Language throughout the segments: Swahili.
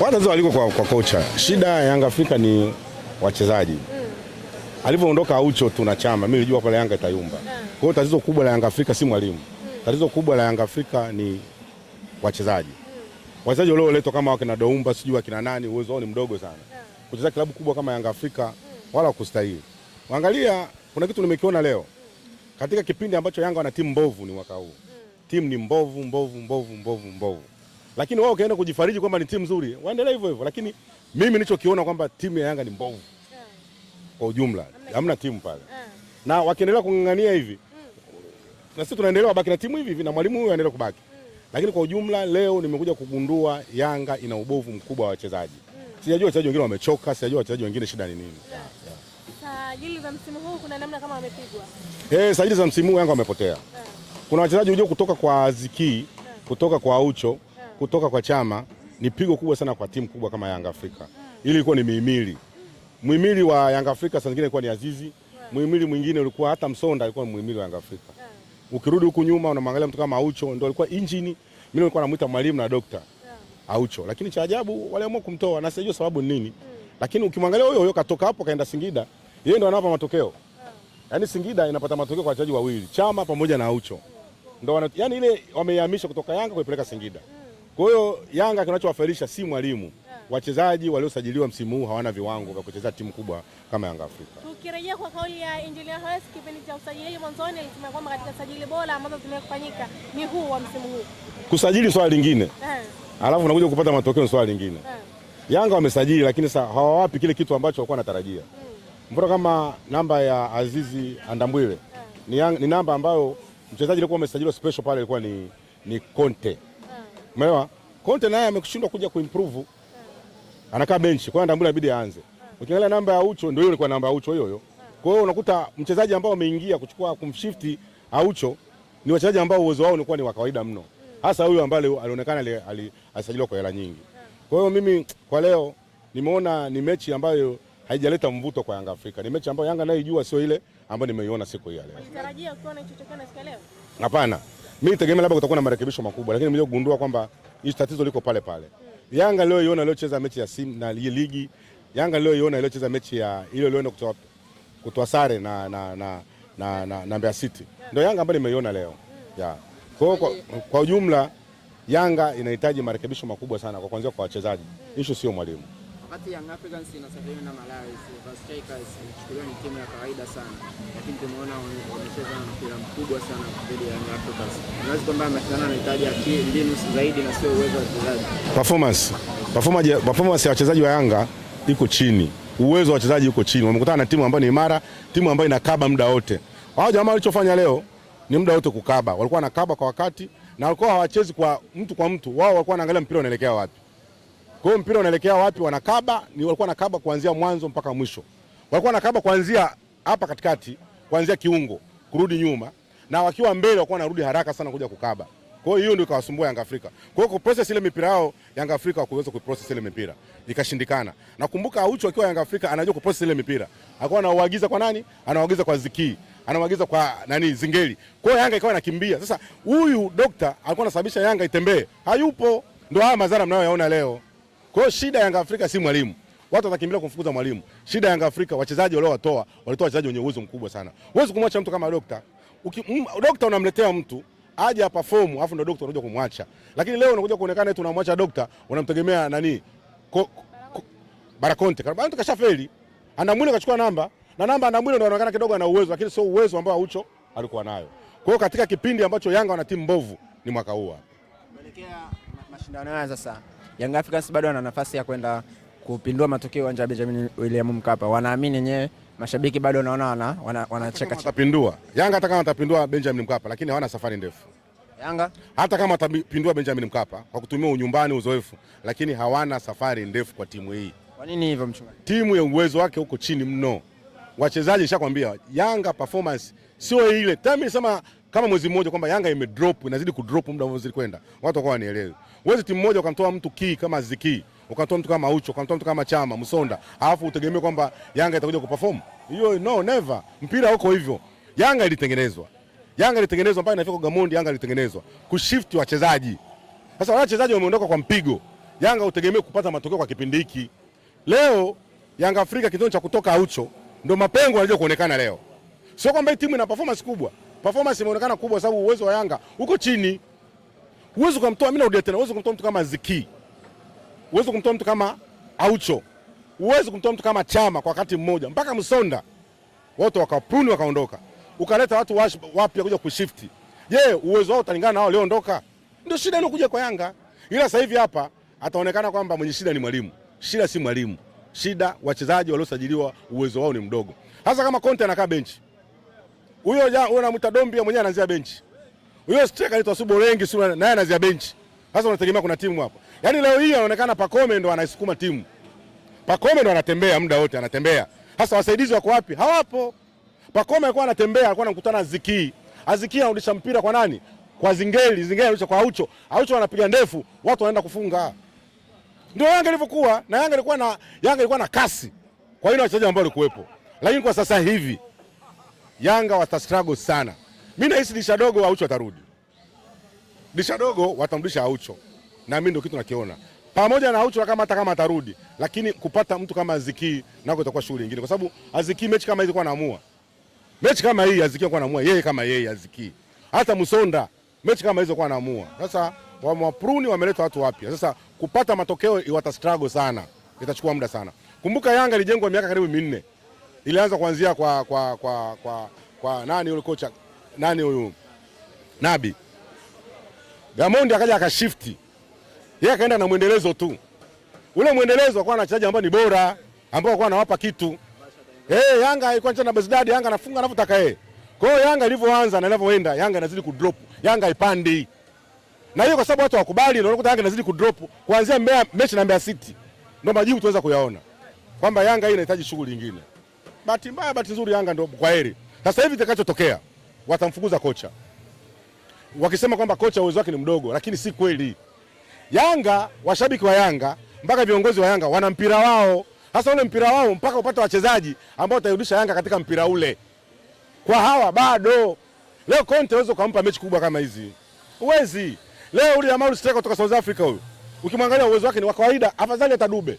Tatizo aliko kwa, kwa kocha. Shida ya Yanga Afrika ni wachezaji mm. Alivyoondoka Aucho tunachama, mimi nilijua pale Yanga itayumba mm. Kwa hiyo tatizo kubwa la Yanga Afrika si mwalimu mm. Tatizo kubwa la Yanga Afrika ni wachezaji mm. Wachezaji walioletwa kama wakina Doumba sijui wakina nani, uwezo wao ni mdogo sana mm. Kucheza klabu kubwa kama Yanga Afrika mm. wala kustahili. Angalia, kuna kitu nimekiona leo mm. katika kipindi ambacho Yanga wana timu mbovu ni mwaka huu mm. Timu ni mbovu mbovu mbovu mbovu mbovu lakini wao kaenda kujifariji kwamba ni timu nzuri, waendelee hivyo hivyo, lakini mimi nilichokiona kwamba timu ya Yanga ni mbovu kwa ujumla, hamna timu pale, na wakiendelea kung'ang'ania hivi na sisi tunaendelea kubaki na timu hivi hivi na mwalimu huyu anaendelea kubaki, lakini kwa ujumla leo nimekuja kugundua Yanga ina ubovu mkubwa wa wachezaji. Sijajua wachezaji wengine wamechoka, sijajua wachezaji wengine shida ni nini. Sajili za msimu huu kuna namna kama wamepigwa. Eh, sajili za msimu huu Yanga wamepotea. Eh. Kuna wachezaji ujio kutoka kwa Aziki, eh. kutoka kwa Aucho, kutoka kwa chama ni pigo kubwa sana kwa timu kubwa kama Yanga Afrika. Ili ilikuwa ni mihimili, muhimili wa Yanga Afrika saa nyingine ilikuwa ni Azizi, muhimili mwingine ulikuwa hata Msonda alikuwa muhimili wa Yanga Afrika. Ukirudi huku nyuma unamwangalia mtu kama Aucho ndio alikuwa injini, mimi nilikuwa namuita mwalimu na dokta Aucho, lakini cha ajabu waliamua kumtoa na sijui sababu ni nini, lakini ukimwangalia huyo huyo katoka hapo kaenda Singida, yeye ndio anapa matokeo Yaani Singida inapata matokeo kwa wachezaji wawili, Chama pamoja na Aucho. Ndio yani ile wamehamisha kutoka Yanga kuipeleka Singida. Kwa hiyo Yanga kinachowafailisha si mwalimu yeah. wachezaji waliosajiliwa msimu huu hawana viwango vya kucheza timu kubwa kama Yanga Afrika. Tukirejea kwa kauli ya Engineer Hersi kipindi cha usajili mwanzoni, alisema kwamba katika sajili bora ambazo zimefanyika ni huu wa msimu huu. Kusajili swala lingine, yeah. alafu unakuja kupata matokeo swala lingine. yeah. Yanga wamesajili, lakini sasa hawawapi kile kitu ambacho walikuwa wanatarajia. mm. Mbona kama namba ya Azizi Andambwile yeah. ni, ni namba ambayo mchezaji alikuwa amesajiliwa special pale, ilikuwa ni, ni Conte yeah. Umeelewa? Conte naye amekushindwa kuja kuimprove. Anakaa benchi, kwa hiyo Ndambula inabidi aanze. Ukiangalia namba ya Aucho ndio ile kwa namba ya Aucho hiyo hiyo. Kwa hiyo unakuta mchezaji ambao ameingia kuchukua kumshift Aucho ni wachezaji ambao uwezo wao ulikuwa ni wa kawaida mno. Hasa huyu ambaye alionekana alisajiliwa kwa hela nyingi. Kwa hiyo mimi kwa leo nimeona ni mechi ambayo haijaleta mvuto kwa Yanga Afrika. Ni mechi ambayo Yanga naijua sio ile ambayo nimeiona siku hii ya leo. Unatarajia kuona chochote kana siku leo? Hapana mimi nitegemea labda kutakuwa na marekebisho makubwa, lakini nimekuja kugundua kwamba hii tatizo liko pale pale. Yanga leo iona leo cheza mechi ya sim na ligi, Yanga leo iona leo cheza mechi ya ile leo kutoa kutoa sare na na na na, na, na Mbeya City. Ndio Yanga ambayo nimeiona leo. Ya. Kwa kwa, kwa ujumla Yanga inahitaji marekebisho makubwa sana kwa kuanzia kwa wachezaji. Issue sio mwalimu kati ya Africans inasafiri na Malawi. Silver Strikers ichukuliwa ni timu ya kawaida sana, lakini tumeona wamecheza mpira mkubwa sana dhidi ya Africans. Unaweza kwamba mashindano yanahitaji akili, mbinu zaidi na sio uwezo wa wachezaji. Performance performance ya wachezaji wa Yanga iko chini, uwezo wa wachezaji uko chini. Wamekutana na timu ambayo ni imara, timu ambayo inakaba muda wote. Hao jamaa walichofanya leo ni muda wote kukaba, walikuwa wanakaba kwa wakati na walikuwa hawachezi kwa mtu kwa mtu, wao walikuwa wanaangalia mpira unaelekea wapi kwa hiyo mpira unaelekea wapi? Wanakaba ni walikuwa nakaba kuanzia mwanzo mpaka mwisho, walikuwa nakaba kuanzia hapa katikati, kuanzia kiungo kurudi nyuma, na wakiwa mbele walikuwa wanarudi haraka sana kuja kukaba. Kwa hiyo hiyo ndio ikawasumbua Yanga Afrika. Kwa hiyo kuprocess ile mipira yao Yanga Afrika hawakuweza kuprocess ile mipira. Ikashindikana. Nakumbuka Aucho akiwa Yanga Afrika anajua kuprocess ile mipira. Alikuwa anauagiza kwa nani? Anauagiza kwa Ziki. Anauagiza kwa nani? Zingeli. Kwa hiyo Yanga ikawa inakimbia. Sasa huyu dokta alikuwa anasababisha Yanga itembee. Hayupo. Ndio haya madhara mnayoyaona leo. Kwa hiyo shida Yanga Afrika si mwalimu, watu watakimbilia kumfukuza mwalimu. Shida Yanga Afrika wachezaji waliowatoa walitoa wachezaji wenye uwezo mkubwa sana. Huwezi kumwacha mtu kama Dokta. Dokta unamletea mtu aje hapa aperform, afu ndo Dokta unakuja kumwacha. Lakini leo unakuja kuonekana eti unamwacha Dokta, unamtegemea nani? Ko, ko, Barakonte. Barakonte kashafeli. Ana mwili kachukua namba na namba ana mwili ndo anaonekana kidogo ana uwezo, lakini sio uwezo ambao Aucho alikuwa nayo. Kwa hiyo katika kipindi ambacho Yanga wana timu mbovu ni mwaka huu hapa. Kuelekea mashindano haya sasa Young Africans bado wana nafasi ya kwenda kupindua matokeo uwanja wa Benjamin William Mkapa. Wanaamini yenyewe, mashabiki bado wanaona wana, wana, wanacheka watapindua. Yanga hata kama watapindua Benjamin Mkapa, lakini hawana safari ndefu. Yanga hata kama watapindua Benjamin Mkapa kwa kutumia unyumbani, uzoefu, lakini hawana safari ndefu kwa timu hii. Kwa nini hivyo mchungaji? Timu ya uwezo wake huko chini mno, wachezaji nishakwambia, Yanga performance sio ile tami sema kama mwezi mmoja kwamba Yanga imedrop inazidi kudrop muda unavyozidi kwenda, watu wakawa wanielewi. Huwezi timu moja ukamtoa mtu kii kama Ziki, ukamtoa mtu kama Ucho, ukamtoa mtu kama Chama Msonda, alafu utegemee kwamba Yanga itakuja kuperform hiyo. No, never. Mpira uko hivyo. Yanga ilitengenezwa, Yanga ilitengenezwa mpaka inafika Gamondi, Yanga ilitengenezwa kushift wachezaji. Sasa wale wachezaji wameondoka kwa mpigo, Yanga utegemee kupata matokeo kwa kipindi hiki. Leo Yanga Afrika kitendo cha kutoka Ucho ndio mapengo yanakuja kuonekana leo, sio kwamba timu ina performance kubwa performance imeonekana kubwa, sababu uwezo wa Yanga uko chini. Uwezo kumtoa mimi na Udetena, uwezo kumtoa mtu kama Ziki, uwezo kumtoa mtu kama Aucho, uwezo kumtoa mtu kama Chama kwa wakati mmoja, mpaka Msonda wote wakapuni wakaondoka, ukaleta watu wapya kuja kushift. Je, uwezo wao utalingana nao wao walioondoka? Ndio shida inokuja kwa Yanga, ila sasa hivi hapa ataonekana kwamba mwenye shida ni mwalimu. Shida si mwalimu, shida wachezaji waliosajiliwa uwezo wao ni mdogo. Hasa kama Conte anakaa benchi huyo huyo anamwita Dombi mwenyewe anaanzia benchi. Huyo striker anaitwa Subolengi Subolengi naye anaanzia benchi. Sasa unategemea kuna timu hapo. Yaani leo hii anaonekana Pakome ndo anaisukuma timu. Pakome ndo anatembea muda wote anatembea. Sasa wasaidizi wako wapi? Hawapo. Pakome alikuwa anatembea, alikuwa anakutana Aziki. Aziki anarudisha mpira kwa nani? Kwa Zingeli, Zingeli anarudisha kwa Aucho. Aucho anapiga ndefu, watu wanaenda kufunga. Ndio Yanga ilivyokuwa na Yanga ilikuwa na Yanga ilikuwa na kasi. Kwa hiyo wachezaji ambao walikuwepo. Lakini kwa sasa hivi Yanga watastrago sana. Mi nahisi disha dogo Aucho atarudi, disha dogo watamrudisha Aucho, na mimi ndio kitu nakiona pamoja na Aucho, kama hata kama atarudi, lakini kupata mtu kama Aziki nako itakuwa shughuli nyingine, kwa sababu Aziki mechi kama hizi kwa anaamua mechi kama hii Aziki kwa anaamua yeye kama yeye Aziki, hata Musonda mechi kama hizo kwa anaamua. Sasa wa mapruni wameleta watu wapya, sasa kupata matokeo iwata struggle sana, itachukua muda sana. Kumbuka Yanga ilijengwa miaka karibu minne ilianza kuanzia kwa, kwa, kwa, kwa, kwa nani yule kocha nani huyu Nabi Gamondi akaja akashifti, yeye akaenda na mwendelezo tu ule mwendelezo akawa na wachezaji ambao ni bora ambao akawa anawapa kitu eh. Yanga ilikuwa inacheza na Bezdad, Yanga anafunga anavyotaka yeye. Kwa hiyo Yanga ilivyoanza na inavyoenda, Yanga inazidi kudrop, Yanga ipandi na hiyo kwa sababu watu hawakubali, ndio unakuta Yanga inazidi kudrop kuanzia mechi na Mbeya City, ndio majibu tuweza kuyaona kwamba Yanga hii inahitaji shughuli nyingine bahati mbaya, bahati nzuri, Yanga ndio kwa heri. Sasa hivi kitakachotokea, watamfukuza kocha wakisema kwamba kocha uwezo wake ni mdogo, lakini si kweli. Yanga, washabiki wa Yanga mpaka viongozi wa Yanga wana mpira wao. Sasa ule mpira wao mpaka upate wachezaji ambao watarudisha Yanga katika mpira ule. Kwa hawa bado leo Conte uwezo kumpa mechi kubwa kama hizi uwezi. Leo ule Amauri Striker kutoka South Africa huyo, ukimwangalia uwezo wake ni wa kawaida, afadhali atadube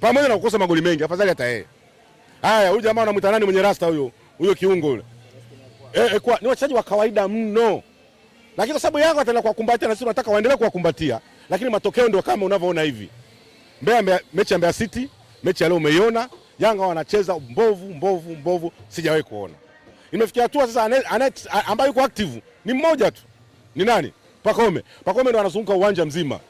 pamoja na kukosa magoli mengi, afadhali ataee Haya, huyu jamaa anamwita nani mwenye rasta huyo? Huyo kiungo yule. Eh, eh, kwa ni wachezaji wa kawaida mno. Lakini kwa sababu Yanga ataendelea kuwakumbatia na sisi tunataka waendelee kuwakumbatia. Lakini matokeo ndio kama unavyoona hivi. Mbeya mbe, mechi ya Mbeya City, mechi ya leo umeiona, Yanga wanacheza mbovu mbovu mbovu sijawahi kuona. Imefikia hatua sasa ambaye yuko active ni mmoja tu. Ni nani? Pakome. Pakome ndo anazunguka uwanja mzima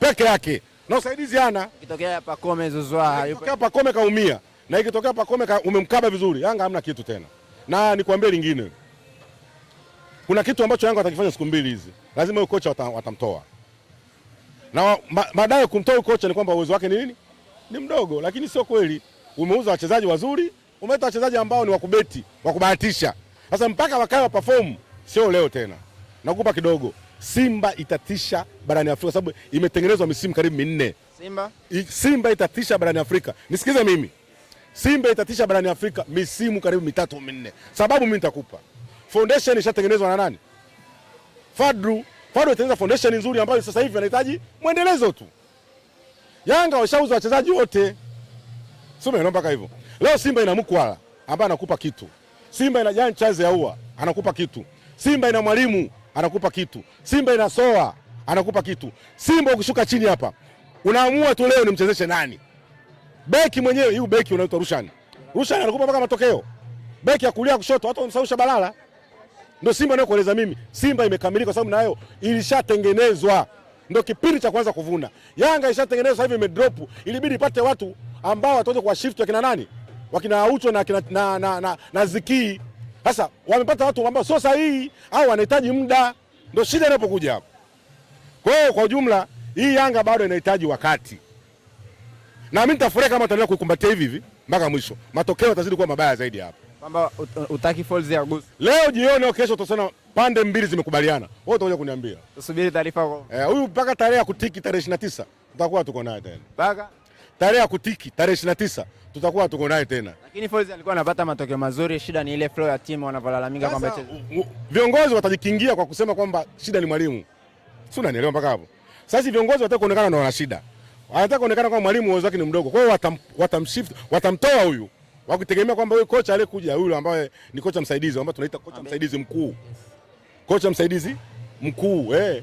peke yake na usaidizi ana. Kitokea Pakome zuzwa hayupo. Kitokea Pakome kaumia na ikitokea Pacome umemkaba vizuri, Yanga hamna kitu tena. Na nikwambie lingine, kuna kitu ambacho Yanga atakifanya siku mbili hizi, lazima huyo kocha watamtoa, na baadaye kumtoa huyo kocha ni kwamba uwezo wake ni nini? Ni mdogo, lakini sio kweli. Umeuza wachezaji wazuri, umeleta wachezaji ambao ni wakubeti, wakubahatisha. Sasa mpaka wakae waperform, sio leo tena. Nakupa kidogo, Simba itatisha barani Afrika sababu imetengenezwa misimu karibu minne. Simba, Simba itatisha barani Afrika, nisikize mimi Simba itatisha barani Afrika misimu karibu mitatu minne. Sababu mimi nitakupa. Foundation ishatengenezwa na nani? Fadru. Fadru itengeneza foundation nzuri ambayo sasa hivi anahitaji mwendelezo tu. Yanga washauza wachezaji wote. Sume mimi mpaka hivyo. Leo Simba ina mkwala ambaye anakupa kitu. Simba ina Jan Chaze Ahoua anakupa kitu. Simba ina mwalimu anakupa kitu. Simba ina Soa anakupa kitu. Simba ukishuka chini hapa, unaamua tu leo nimchezeshe nani? Beki mwenyewe huyu beki unaitwa Rushan. Rushan anakupa mpaka matokeo. Beki ya kulia kushoto hata umsausha balala. Ndio Simba nayo kueleza mimi. Simba imekamilika kwa sababu nayo ilishatengenezwa. Ndio kipindi cha kwanza kuvuna. Yanga ishatengenezwa sasa hivi imedrop. Ilibidi ipate watu ambao watoje kwa shift ya kina nani? Wakina Aucho na kina, na, na, na, na Ziki. Sasa wamepata watu ambao sio sahihi au wanahitaji muda. Ndio shida inapokuja hapo. Kwa hiyo kwa ujumla hii Yanga bado inahitaji wakati na mimi nitafurahi kama tutaendelea kukumbatia hivi hivi mpaka mwisho. Matokeo yatazidi kuwa mabaya zaidi hapa. Kwamba uh, utaki falls ya Agosti. Leo jioni au kesho utasema pande mbili zimekubaliana. Wewe utakuja kuniambia. Tusubiri taarifa kwa. Eh, huyu mpaka tarehe ya kutiki tarehe 29 tutakuwa tuko naye tena. Mpaka tarehe ya kutiki tarehe 29 tutakuwa tuko naye tena. Lakini Folz alikuwa anapata matokeo mazuri, shida ni ile flow ya timu wanavyolalamika kwamba viongozi watajikingia kwa kusema kwamba shida ni mwalimu. Si unanielewa mpaka hapo? Sasa viongozi wataka kuonekana na wana shida anataka kuonekana kama mwalimu uwezo wake ni mdogo. Kwa hiyo watam, watamshift, watamtoa huyu. Wakitegemea kwamba huyu kocha aliyekuja huyu ambaye ni kocha msaidizi ambaye tunaita kocha Amen. msaidizi mkuu. yes. Kocha msaidizi mkuu eh.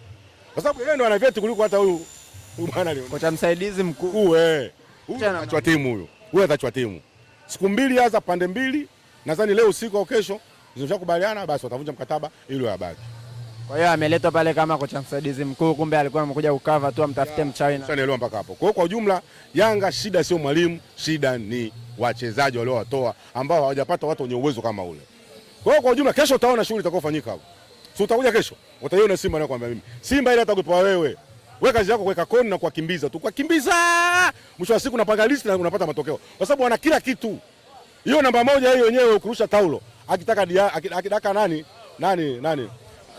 Kwa sababu yeye ndo ana vyeti kuliko hata huyu bwana leo. Kocha msaidizi mkuu eh. Huyu atachwa timu huyo. Huyu atachwa timu. Siku mbili hasa pande mbili, nadhani leo usiku au kesho zimeshakubaliana basi watavunja mkataba ili wabaki. Kwa hiyo ameletwa pale kama kocha msaidizi mkuu, kumbe alikuwa amekuja kukava tu amtafute mchawina. Sasa nielewa mpaka hapo. Kwa hiyo kwa ujumla, Yanga shida sio mwalimu, shida ni wachezaji waliowatoa ambao hawajapata watu wenye uwezo kama ule. Kwa hiyo kwa ujumla, kesho utaona shughuli itakayofanyika hapo. Si utakuja kesho, utaiona Simba na kwambia mimi. Simba ile atakupa wewe. Wewe kazi yako kuweka koni na kuwakimbiza tu. Kuwakimbiza. Mwisho wa siku unapanga listi na unapata matokeo. Kwa sababu wana kila kitu. Hiyo namba moja hiyo yenyewe ukurusha taulo. Akitaka dia, akitaka nani? Nani? Nani?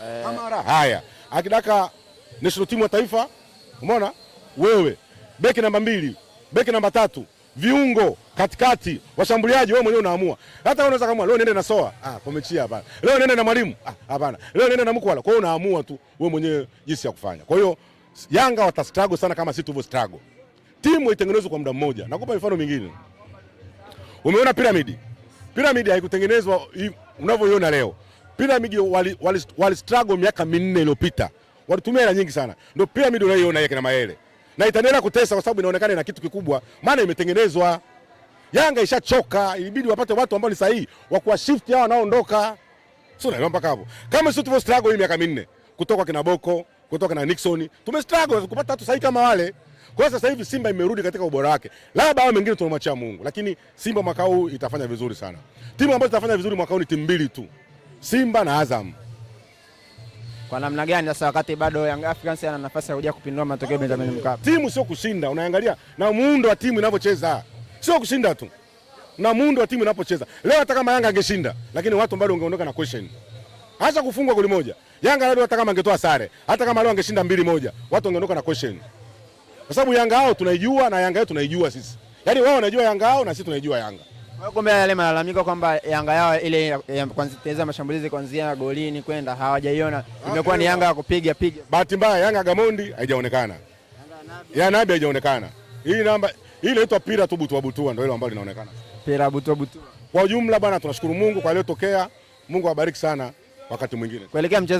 eh. Kamara haya akidaka national timu ya taifa, umeona wewe, beki namba mbili, beki namba tatu, viungo katikati, washambuliaji, wewe mwenyewe unaamua. Hata unaweza kama leo niende na Soa, ah, kwa mechi hapa leo niende na Mwalimu, ah, hapana, leo niende na Mkwala. Kwa hiyo unaamua tu wewe mwenyewe jinsi ya kufanya. Kwa hiyo Yanga watastrago sana kama sisi tuvyo strago, timu itengenezwe kwa muda mmoja. Nakupa mifano mingine, umeona piramidi. Piramidi haikutengenezwa unavyoiona leo. Pyramid wali, wali, wali struggle miaka minne iliyopita, walitumia hela nyingi sana, ndio Pyramid unaiona yake na Mayele, na itaendelea kutesa kwa sababu inaonekana ina kitu kikubwa, maana imetengenezwa. Yanga ishachoka, ilibidi wapate watu ambao ni sahihi wa kuwa shift hao wanaoondoka, sio naelewa mpaka hapo. Kama sisi tuvo struggle hii miaka minne kutoka kina Boko, kutoka na Nixon, tume struggle kupata watu sahihi kama wale. Kwa sasa hivi Simba imerudi katika ubora wake, labda hao mengine tunamwachia Mungu, lakini Simba mwaka huu itafanya vizuri sana. Timu ambazo zitafanya vizuri mwaka huu ni timu mbili tu. Simba na Azam. Kwa namna gani sasa, wakati bado Young Africans ana nafasi ya kuja kupindua matokeo Benjamin Mkapa? Timu sio kushinda, unaangalia na muundo wa timu inavyocheza, sio kushinda tu, na muundo wa timu inapocheza leo. Hata kama Yanga angeshinda, lakini watu bado ungeondoka na question, hasa kufungwa goli moja. Yanga Labda hata kama angetoa sare, hata kama leo angeshinda mbili moja, watu wangeondoka na question, kwa sababu Yanga hao tunaijua na Yanga yetu tunaijua sisi. Yaani wao wanajua Yanga hao na sisi tunaijua Yanga. Kumbe yale malalamiko kwamba Yanga yao ile ya, kuanza mashambulizi kuanzia golini kwenda hawajaiona, imekuwa ni Yanga ya kupiga piga. Bahati mbaya Yanga Gamondi haijaonekana, ya Nabi haijaonekana. Hii namba hii inaitwa pira tu butua butua, ndio ile ambayo linaonekana pira butua butua. Kwa ujumla bwana, tunashukuru Mungu kwa tokea. Mungu awabariki sana, wakati mwingine kuelekea mchezo